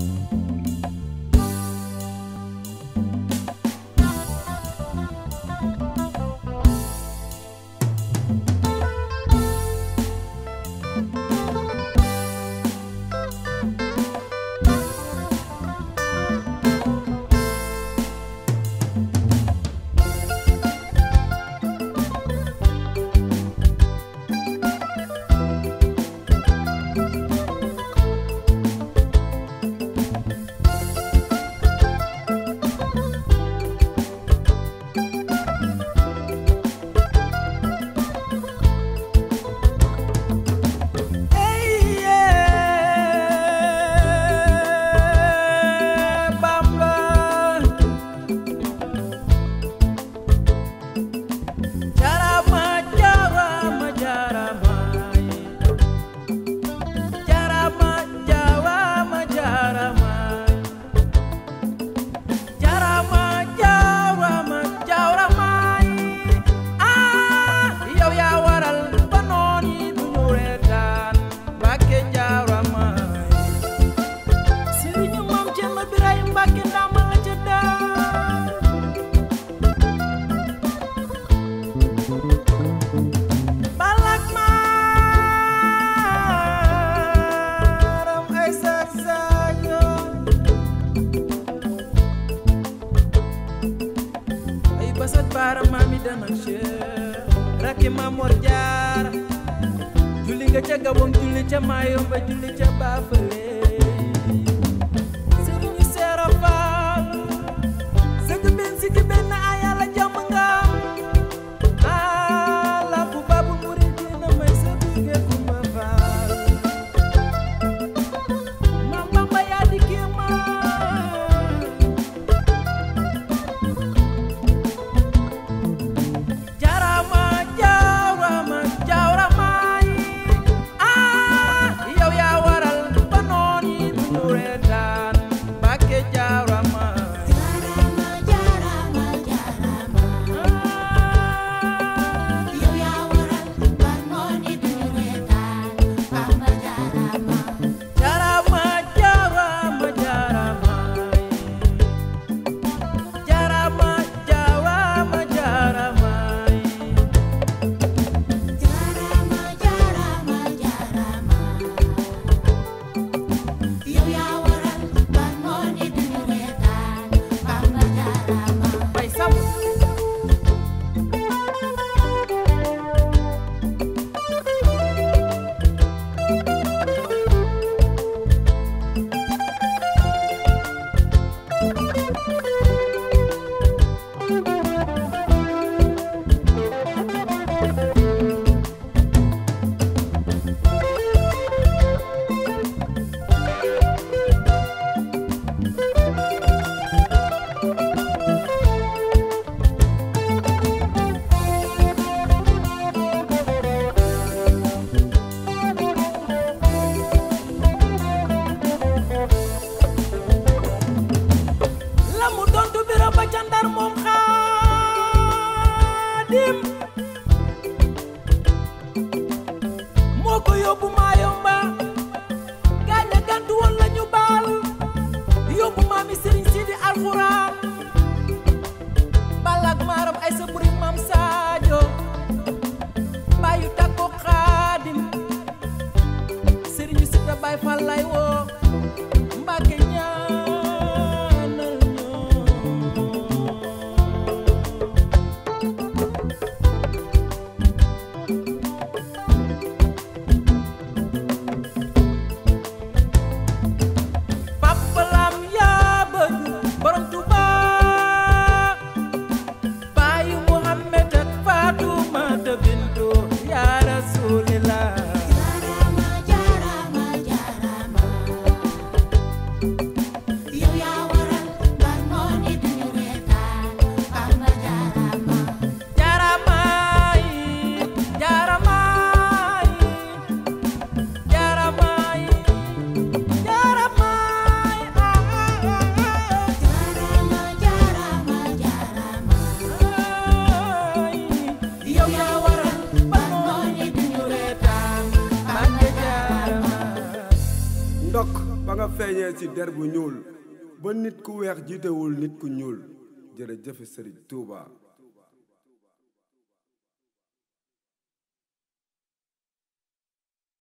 Thank you. masat baara maam yi dana Cheikh rakki Mamor Jaara julli nga ca Bafalé Red. tontu biro ba ca Ndar moom Xaadim moo ko yóbbu maa yomb amada. nga feeñee ci der bu ñuul ba nit ku weex jiitewul nit ku ñuul jërëjëf Sëriñ Tuubaa